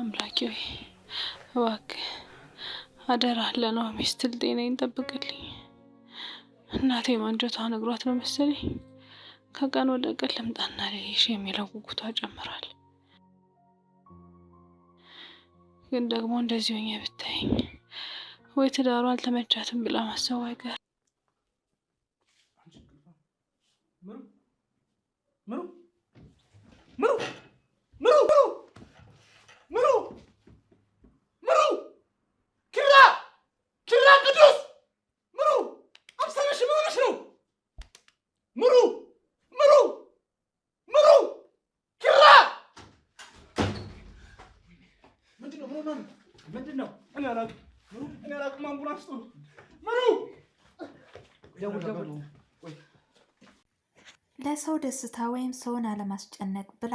አምላኬ ወይ እባክህ አደራ ለናሆም ሚስትል ጤናዬን ጠብቅልኝ። እናቴ ማንጀቷ ነግሯት ነው መሰለኝ ከቀን ወደ ቀን ልምጣና ልይሽ የሚለው ጉጉቷ ጨምሯል። ግን ደግሞ እንደዚህ ሆኜ ብታይኝ ወይ ትዳሯ አልተመቻትም ብላ ማሰቡ አይቀርም። ምሩ ምሩ ምሩ ለሰው ደስታ ወይም ሰውን አለማስጨነቅ ብላ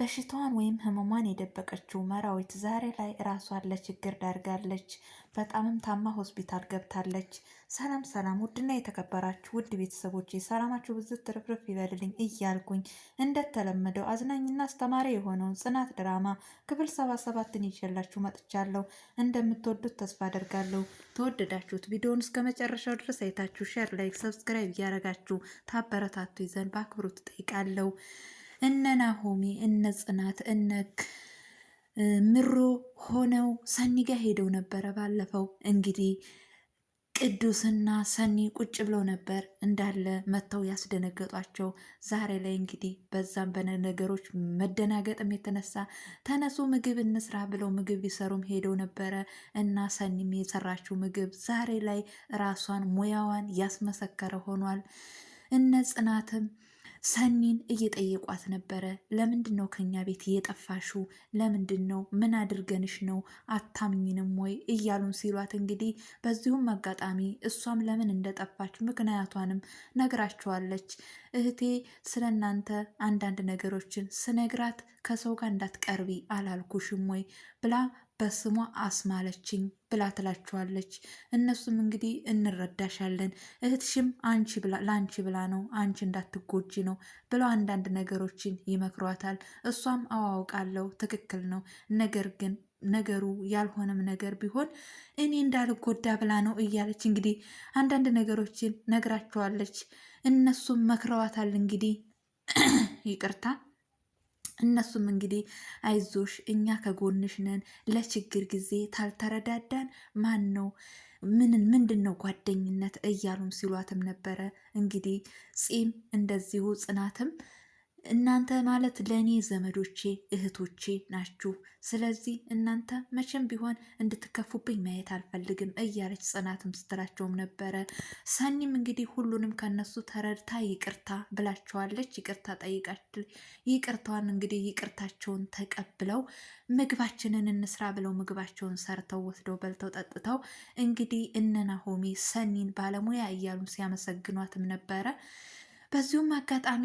በሽታዋን ወይም ህመሟን የደበቀችው መራዊት ዛሬ ላይ ራሷን ለችግር ዳርጋለች። በጣምም ታማ ሆስፒታል ገብታለች። ሰላም ሰላም! ውድና የተከበራችሁ ውድ ቤተሰቦች ሰላማችሁ ብዝት ትርፍርፍ ይበልልኝ እያልኩኝ እንደተለመደው አዝናኝና አስተማሪ የሆነውን ጽናት ድራማ ክፍል ሰባ ሰባትን ይዤላችሁ መጥቻለሁ። እንደምትወዱት ተስፋ አደርጋለሁ። ተወደዳችሁት ቪዲዮን እስከ መጨረሻው ድረስ አይታችሁ ሼር፣ ላይክ፣ ሰብስክራይብ እያደረጋችሁ ታበረታቱ ይዘን በአክብሮት ጠይቃለሁ። እነ ናሆሜ እነ ጽናት እነ ምሮ ሆነው ሰኒ ጋር ሄደው ነበረ። ባለፈው እንግዲህ ቅዱስና ሰኒ ቁጭ ብለው ነበር እንዳለ መጥተው ያስደነገጧቸው። ዛሬ ላይ እንግዲህ በዛም በነገሮች መደናገጥም የተነሳ ተነሱ ምግብ እንስራ ብለው ምግብ ሊሰሩም ሄደው ነበረ እና ሰኒም የሰራችው ምግብ ዛሬ ላይ ራሷን ሙያዋን ያስመሰከረ ሆኗል። እነ ጽናትም ሰኒን እየጠየቋት ነበረ። ለምንድን ነው ከኛ ቤት እየጠፋሹ ለምንድን ነው ምን አድርገንሽ ነው? አታምኝንም ወይ እያሉን ሲሏት እንግዲህ በዚሁም አጋጣሚ እሷም ለምን እንደጠፋች ምክንያቷንም ነግራቸዋለች። እህቴ ስለ እናንተ አንዳንድ ነገሮችን ስነግራት ከሰው ጋር እንዳትቀርቢ አላልኩሽም ወይ ብላ በስሟ አስማለችኝ ብላ ትላችኋለች። እነሱም እንግዲህ እንረዳሻለን፣ እህትሽም አንቺ ብላ ለአንቺ ብላ ነው አንቺ እንዳትጎጂ ነው ብለው አንዳንድ ነገሮችን ይመክሯታል። እሷም አዋውቃለሁ ትክክል ነው፣ ነገር ግን ነገሩ ያልሆነም ነገር ቢሆን እኔ እንዳልጎዳ ብላ ነው እያለች እንግዲህ አንዳንድ ነገሮችን ነግራቸዋለች። እነሱም መክረዋታል እንግዲህ ይቅርታ እነሱም እንግዲህ አይዞሽ እኛ ከጎንሽ ነን፣ ለችግር ጊዜ ታልተረዳዳን ማን ነው ምንን ምንድን ነው ጓደኝነት እያሉም ሲሏትም ነበረ። እንግዲህ ፂም እንደዚሁ ጽናትም እናንተ ማለት ለእኔ ዘመዶቼ እህቶቼ ናችሁ። ስለዚህ እናንተ መቼም ቢሆን እንድትከፉብኝ ማየት አልፈልግም እያለች ጽናትም ስትላቸውም ነበረ። ሰኒም እንግዲህ ሁሉንም ከነሱ ተረድታ ይቅርታ ብላቸዋለች። ይቅርታ ጠይቃች ይቅርታዋን እንግዲህ ይቅርታቸውን ተቀብለው ምግባችንን እንስራ ብለው ምግባቸውን ሰርተው ወስደው በልተው ጠጥተው እንግዲህ እነናሆሜ ሰኒን ባለሙያ እያሉ ሲያመሰግኗትም ነበረ። በዚሁም አጋጣሚ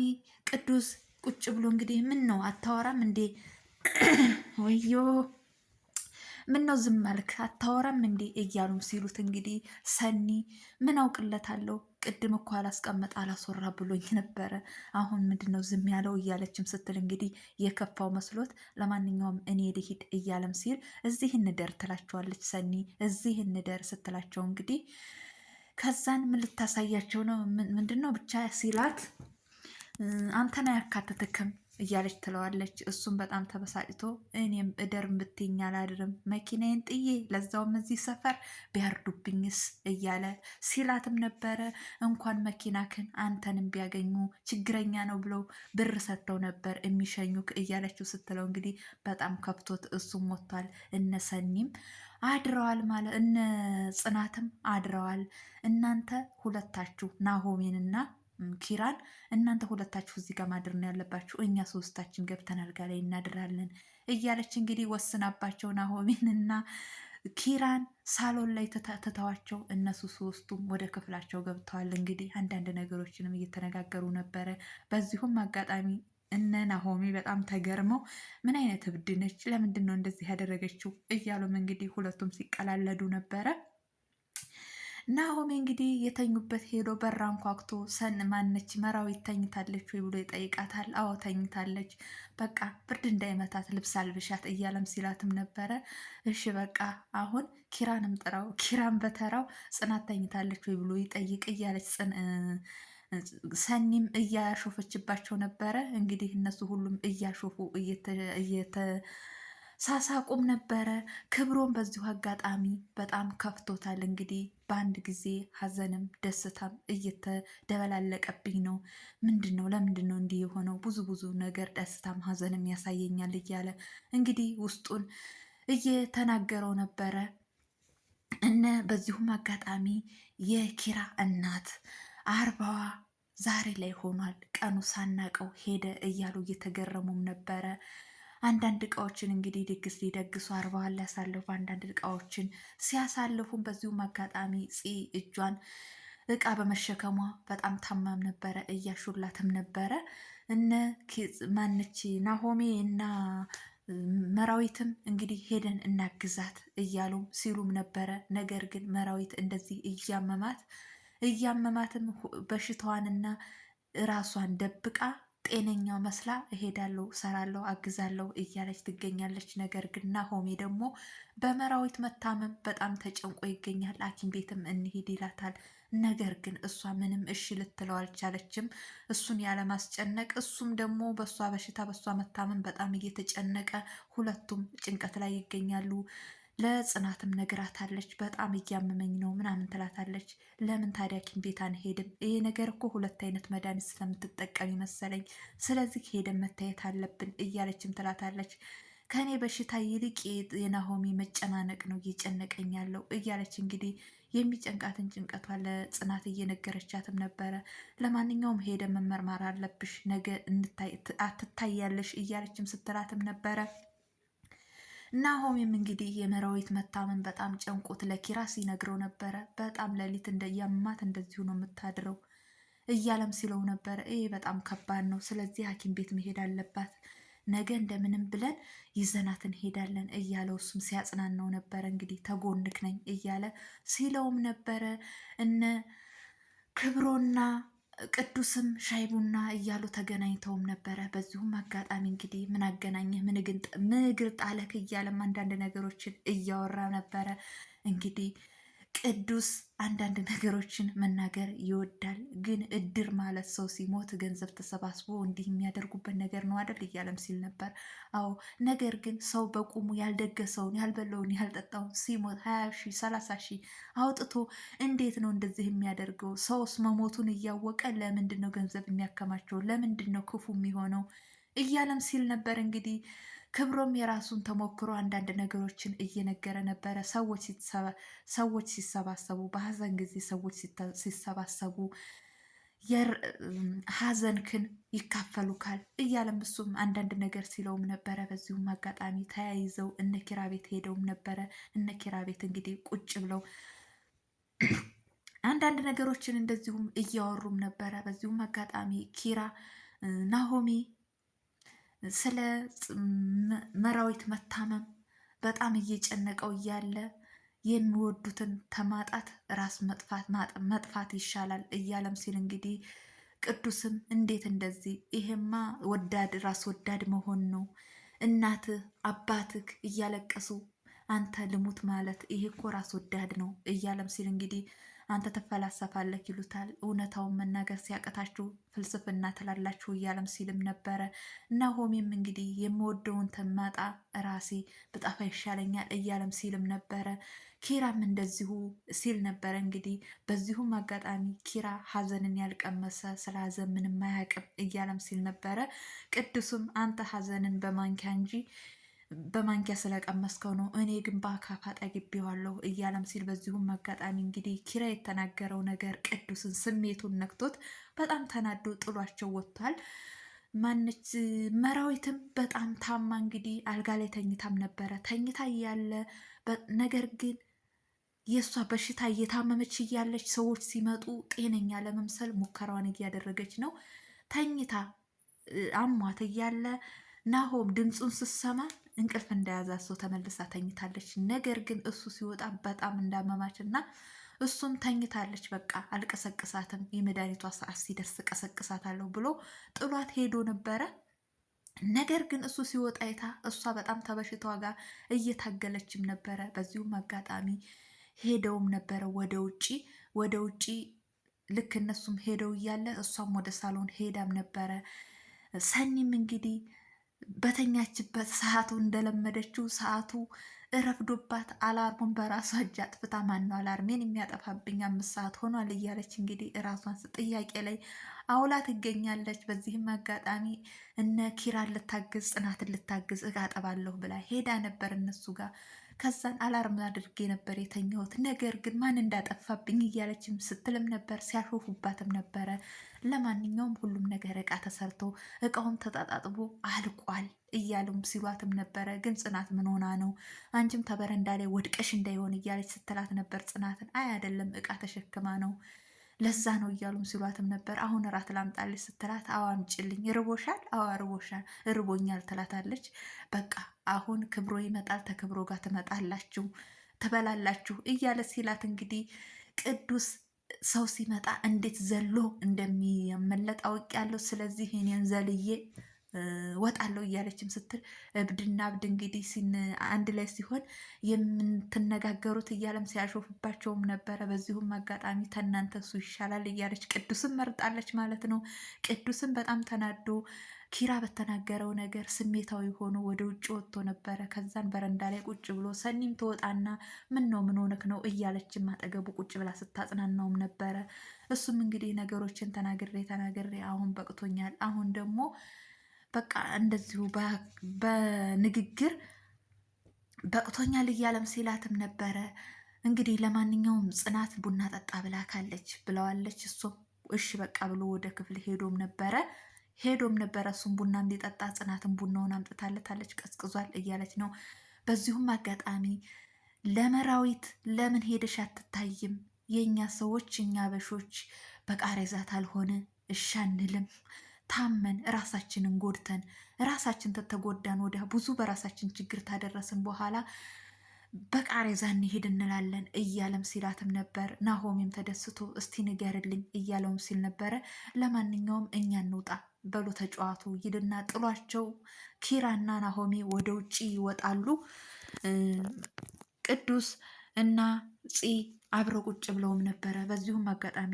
ቅዱስ ቁጭ ብሎ እንግዲህ ምን ነው አታወራም እንዴ? ወዮ ምን ነው ዝም አልክ አታወራም እንዴ? እያሉም ሲሉት እንግዲህ ሰኒ ምን አውቅለታለሁ ቅድም እኮ አላስቀመጠ አላስወራ ብሎኝ ነበረ። አሁን ምንድን ነው ዝም ያለው እያለችም ስትል እንግዲህ የከፋው መስሎት ለማንኛውም እኔ ልሂድ እያለም ሲል እዚህ እንደር ትላቸዋለች ሰኒ። እዚህ እንደር ስትላቸው እንግዲህ ከዛን ምን ልታሳያቸው ነው ምንድን ነው ብቻ ሲላት አንተን አያካትትክም እያለች ትለዋለች። እሱም በጣም ተበሳጭቶ እኔም እደር ብትኝ አላድርም መኪናዬን ጥዬ ለዛውም እዚህ ሰፈር ቢያርዱብኝስ እያለ ሲላትም ነበረ። እንኳን መኪናክን አንተንም ቢያገኙ ችግረኛ ነው ብለው ብር ሰጥተው ነበር የሚሸኙክ እያለችው ስትለው እንግዲህ በጣም ከብቶት እሱም ሞቷል። እነሰኒም አድረዋል ማለት እነ ጽናትም አድረዋል። እናንተ ሁለታችሁ ናሆሜንና ኪራን እናንተ ሁለታችሁ እዚህ ጋር ማድር ነው ያለባችሁ፣ እኛ ሶስታችን ገብተን አልጋ ላይ እናድራለን እያለች እንግዲህ ወስናባቸው ናሆሚን እና ኪራን ሳሎን ላይ ትተዋቸው እነሱ ሶስቱም ወደ ክፍላቸው ገብተዋል። እንግዲህ አንዳንድ ነገሮችንም እየተነጋገሩ ነበረ። በዚሁም አጋጣሚ እነ ናሆሚ በጣም ተገርመው ምን አይነት እብድ ነች፣ ለምንድን ነው እንደዚህ ያደረገችው እያሉም እንግዲህ ሁለቱም ሲቀላለዱ ነበረ። ናሆሜ እንግዲህ የተኙበት ሄዶ በራ አንኳኩቶ ሰን ማነች መራዊት ተኝታለች ወይ ብሎ ይጠይቃታል። አዎ ተኝታለች፣ በቃ ብርድ እንዳይመታት ልብስ አልብሻት እያለም ሲላትም ነበረ። እሺ በቃ አሁን ኪራንም ጥራው፣ ኪራን በተራው ጽናት ተኝታለች ወይ ብሎ ይጠይቅ እያለች ሰኒም እያሾፈችባቸው ነበረ። እንግዲህ እነሱ ሁሉም እያሾፉ እየተ ሳሳቁም ነበረ። ክብሮም በዚሁ አጋጣሚ በጣም ከፍቶታል። እንግዲህ በአንድ ጊዜ ሀዘንም ደስታም እየተደበላለቀብኝ ነው። ምንድን ነው ለምንድን ነው እንዲህ የሆነው? ብዙ ብዙ ነገር ደስታም ሀዘንም ያሳየኛል እያለ እንግዲህ ውስጡን እየተናገረው ነበረ። እነ በዚሁም አጋጣሚ የኪራ እናት አርባዋ ዛሬ ላይ ሆኗል፣ ቀኑ ሳናቀው ሄደ እያሉ እየተገረሙም ነበረ። አንዳንድ እቃዎችን እንግዲህ ድግስ ሊደግሱ አርበዋል ሊያሳልፉ አንዳንድ እቃዎችን ሲያሳልፉም በዚሁም አጋጣሚ ፂ እጇን እቃ በመሸከሟ በጣም ታማም ነበረ፣ እያሹላትም ነበረ። እነ ማንች ናሆሜ እና መራዊትም እንግዲህ ሄደን እናግዛት እያሉም ሲሉም ነበረ። ነገር ግን መራዊት እንደዚህ እያመማት እያመማትም በሽታዋንና ራሷን ደብቃ ጤነኛው መስላ እሄዳለሁ፣ ሰራለሁ፣ አግዛለሁ እያለች ትገኛለች። ነገር ግን ናሆሜ ደግሞ በመራዊት መታመም በጣም ተጨንቆ ይገኛል። ሐኪም ቤትም እንሄድ ይላታል። ነገር ግን እሷ ምንም እሺ ልትለው አልቻለችም። እሱን ያለማስጨነቅ እሱም ደግሞ በእሷ በሽታ በእሷ መታመም በጣም እየተጨነቀ ሁለቱም ጭንቀት ላይ ይገኛሉ። ለጽናትም ነግራታለች። በጣም እያመመኝ ነው ምናምን ትላታለች። ለምን ታዲያ ኪም ቤት አንሄድም? ይሄ ነገር እኮ ሁለት አይነት መድኃኒት ስለምትጠቀም ይመሰለኝ። ስለዚህ ሄደን መታየት አለብን እያለችም ትላታለች። ከእኔ በሽታ ይልቅ የናሆሚ መጨናነቅ ነው እየጨነቀኝ ያለው እያለች እንግዲህ የሚጨንቃትን ጭንቀቷ ለጽናት እየነገረቻትም ነበረ። ለማንኛውም ሄደ መመርመር አለብሽ ነገ አትታያለሽ እያለችም ስትላትም ነበረ። ናሆሜም እንግዲህ የመራዊት መታመን በጣም ጨንቆት ለኪራ ሲነግረው ነበረ። በጣም ሌሊት የማት እንደዚሁ ነው የምታድረው እያለም ሲለው ነበረ። ይ በጣም ከባድ ነው፣ ስለዚህ ሐኪም ቤት መሄድ አለባት ነገ እንደምንም ብለን ይዘናት እንሄዳለን እያለ እሱም ሲያጽናናው ነበረ። እንግዲህ ተጎንክ ነኝ እያለ ሲለውም ነበረ እነ ክብሮና ቅዱስም ሻይ ቡና እያሉ ተገናኝተውም ነበረ። በዚሁም አጋጣሚ እንግዲህ ምን አገናኘህ ምን ጣለክ እያለም አንዳንድ ነገሮችን እያወራ ነበረ እንግዲህ ቅዱስ አንዳንድ ነገሮችን መናገር ይወዳል። ግን እድር ማለት ሰው ሲሞት ገንዘብ ተሰባስቦ እንዲህ የሚያደርጉበት ነገር ነው አደል እያለም ሲል ነበር። አዎ ነገር ግን ሰው በቁሙ ያልደገሰውን፣ ያልበላውን፣ ያልጠጣውን ሲሞት ሀያ ሺ ሰላሳ ሺ አውጥቶ እንዴት ነው እንደዚህ የሚያደርገው? ሰውስ መሞቱን እያወቀ ለምንድን ነው ገንዘብ የሚያከማቸው? ለምንድን ነው ክፉ የሚሆነው? እያለም ሲል ነበር እንግዲህ ክብሮም የራሱን ተሞክሮ አንዳንድ ነገሮችን እየነገረ ነበረ። ሰዎች ሲሰባሰቡ፣ በሀዘን ጊዜ ሰዎች ሲሰባሰቡ ሀዘንክን ይካፈሉካል እያለም እሱም አንዳንድ ነገር ሲለውም ነበረ። በዚሁም አጋጣሚ ተያይዘው እነ ኪራ ቤት ሄደውም ነበረ። እነ ኪራ ቤት እንግዲህ ቁጭ ብለው አንዳንድ ነገሮችን እንደዚሁም እያወሩም ነበረ። በዚሁም አጋጣሚ ኪራ ናሆሚ ስለ መራዊት መታመም በጣም እየጨነቀው እያለ የሚወዱትን ተማጣት ራስ መጥፋት ይሻላል እያለም ሲል እንግዲህ ቅዱስም እንዴት እንደዚህ ይሄማ ወዳድ ራስ ወዳድ መሆን ነው እናትህ አባትህ እያለቀሱ አንተ ልሙት ማለት ይሄ እኮ ራስ ወዳድ ነው እያለም ሲል እንግዲህ አንተ ትፈላሰፋለህ ይሉታል። እውነታውን መናገር ሲያቀታችሁ ፍልስፍና ትላላችሁ እያለም ሲልም ነበረ። ናሆሜም እንግዲህ የምወደውን ተማጣ ራሴ ብጣፋ ይሻለኛል እያለም ሲልም ነበረ። ኪራም እንደዚሁ ሲል ነበረ። እንግዲህ በዚሁም አጋጣሚ ኪራ ሀዘንን ያልቀመሰ ስለ ሀዘን ምንም አያውቅም እያለም ሲል ነበረ። ቅዱስም አንተ ሀዘንን በማንኪያ እንጂ በማንኪያ ስለቀመስከው ነው እኔ ግን በአካፋ ጠግቤዋለሁ እያለም ሲል በዚሁም አጋጣሚ እንግዲህ ኪራ የተናገረው ነገር ቅዱስን ስሜቱን ነክቶት በጣም ተናዶ ጥሏቸው ወጥቷል። ማነች መራዊትም በጣም ታማ እንግዲህ አልጋ ላይ ተኝታም ነበረ። ተኝታ እያለ ነገር ግን የእሷ በሽታ እየታመመች እያለች ሰዎች ሲመጡ ጤነኛ ለመምሰል ሙከራዋን እያደረገች ነው። ተኝታ አሟት እያለ ናሆም ድምፁን ስሰማ እንቅልፍ እንደያዛት ሰው ተመልሳ ተኝታለች። ነገር ግን እሱ ሲወጣ በጣም እንዳመማች እና እሱም ተኝታለች። በቃ አልቀሰቅሳትም፣ የመድኃኒቷ ሰዓት ሲደርስ ቀሰቅሳታለሁ ብሎ ጥሏት ሄዶ ነበረ። ነገር ግን እሱ ሲወጣ አይታ እሷ በጣም ተበሽቷ ጋር እየታገለችም ነበረ። በዚሁም አጋጣሚ ሄደውም ነበረ ወደ ውጪ ወደ ውጭ ልክ እነሱም ሄደው እያለ እሷም ወደ ሳሎን ሄዳም ነበረ። ሰኒም እንግዲህ በተኛችበት ሰዓቱ እንደለመደችው ሰዓቱ እረፍዶባት አላርሙን በራሷ እጅ አጥፍታ ማነው አላርሜን የሚያጠፋብኝ አምስት ሰዓት ሆኗል እያለች እንግዲህ ራሷን ጥያቄ ላይ አውላ ትገኛለች። በዚህም አጋጣሚ እነ ኪራን ልታግዝ ጽናትን ልታግዝ እቃ ጠባለሁ ብላ ሄዳ ነበር እነሱ ጋር ከዛን አላርም አድርጌ ነበር የተኛሁት። ነገር ግን ማን እንዳጠፋብኝ እያለችም ስትልም ነበር፣ ሲያሾፉባትም ነበረ። ለማንኛውም ሁሉም ነገር እቃ ተሰርቶ እቃውም ተጣጣጥቦ አልቋል እያሉም ሲሏትም ነበረ። ግን ጽናት ምን ሆና ነው አንቺም ተበረንዳ ላይ ወድቀሽ እንዳይሆን እያለች ስትላት ነበር። ጽናትን አይ አይደለም እቃ ተሸክማ ነው ለዛ ነው እያሉም ሲሏትም ነበር። አሁን እራት ላምጣልሽ ስትላት አዋም አምጪልኝ፣ ርቦሻል? አዋ ርቦሻል፣ እርቦኛል ትላታለች። በቃ አሁን ክብሮ ይመጣል፣ ተክብሮ ጋር ትመጣላችሁ፣ ትበላላችሁ እያለ ሲላት እንግዲህ ቅዱስ ሰው ሲመጣ እንዴት ዘሎ እንደሚመለጥ አውቄያለሁ። ስለዚህ እኔን ዘልዬ አለው እያለችም ስትል እብድና እብድ እንግዲህ አንድ ላይ ሲሆን የምትነጋገሩት እያለም ሲያሾፍባቸውም ነበረ። በዚሁም አጋጣሚ ተናንተ እሱ ይሻላል እያለች ቅዱስን መርጣለች ማለት ነው። ቅዱስን በጣም ተናዶ ኪራ በተናገረው ነገር ስሜታዊ ሆኖ ወደ ውጭ ወጥቶ ነበረ። ከዛን በረንዳ ላይ ቁጭ ብሎ ሰኒም ትወጣና ምን ነው ምን ሆነክ ነው እያለችም አጠገቡ ቁጭ ብላ ስታጽናናውም ነበረ። እሱም እንግዲህ ነገሮችን ተናግሬ ተናግሬ አሁን በቅቶኛል አሁን ደግሞ በቃ እንደዚሁ በንግግር በቅቶኛል እያለም ሲላትም ነበረ። እንግዲህ ለማንኛውም ጽናት ቡና ጠጣ ብላ ካለች ብለዋለች። እሱም እሺ በቃ ብሎ ወደ ክፍል ሄዶም ነበረ ሄዶም ነበረ እሱም ቡና እንዲጠጣ ጽናትን ቡናውን አምጥታለታለች። ቀዝቅዟል እያለች ነው። በዚሁም አጋጣሚ ለመራዊት ለምን ሄደሽ አትታይም? የእኛ ሰዎች እኛ በሾች በቃሬዛት አልሆነ እሻንልም ታመን ራሳችንን ጎድተን ራሳችን ተተጎዳን ወደ ብዙ በራሳችን ችግር ታደረስን በኋላ በቃሬዛ እንሄድ እንላለን እያለም ሲላትም ነበር። ናሆሚም ተደስቶ እስቲ ንገርልኝ እያለውም ሲል ነበረ። ለማንኛውም እኛ እንውጣ በሎ ተጫዋቱ ይድና ጥሏቸው ኪራና ናሆሚ ወደ ውጭ ይወጣሉ። ቅዱስ እና ፂ አብረው ቁጭ ብለውም ነበረ። በዚሁም አጋጣሚ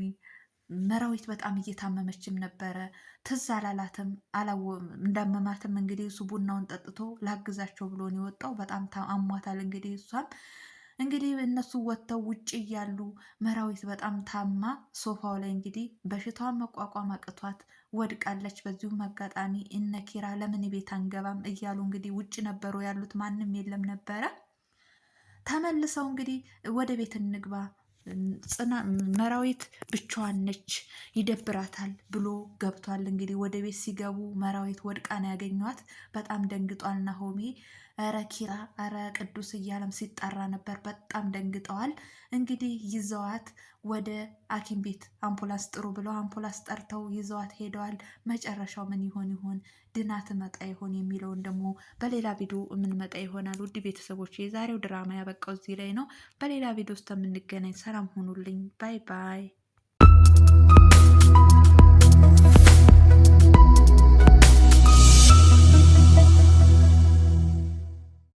መራዊት በጣም እየታመመችም ነበረ። ትዝ አላላትም እንዳመማትም። እንግዲህ እሱ ቡናውን ጠጥቶ ላግዛቸው ብሎን የወጣው በጣም አሟታል። እንግዲህ እሷም እንግዲህ እነሱ ወጥተው ውጭ እያሉ መራዊት በጣም ታማ ሶፋው ላይ እንግዲህ በሽታዋን መቋቋም አቅቷት ወድቃለች። በዚሁም አጋጣሚ እነ ኪራ ለምን ቤት አንገባም እያሉ እንግዲህ ውጭ ነበሩ ያሉት፣ ማንም የለም ነበረ። ተመልሰው እንግዲህ ወደ ቤት እንግባ መራዊት ብቻዋን ነች ይደብራታል ብሎ ገብቷል። እንግዲህ ወደ ቤት ሲገቡ መራዊት ወድቃ ነው ያገኟት። በጣም ደንግጧል ናሆሜ። ረ ኪራ ረ ቅዱስ እያለም ሲጠራ ነበር። በጣም ደንግጠዋል። እንግዲህ ይዘዋት ወደ ሐኪም ቤት አምፖላስ ጥሩ ብለው አምፖላስ ጠርተው ይዘዋት ሄደዋል። መጨረሻው ምን ይሆን ይሆን ድና ትመጣ ይሆን የሚለውን ደግሞ በሌላ ቪዲዮ የምንመጣ ይሆናል። ውድ ቤተሰቦች የዛሬው ድራማ ያበቃው እዚህ ላይ ነው። በሌላ ቪዲዮ ውስጥ የምንገናኝ። ሰላም ሆኑልኝ ባይ ባይ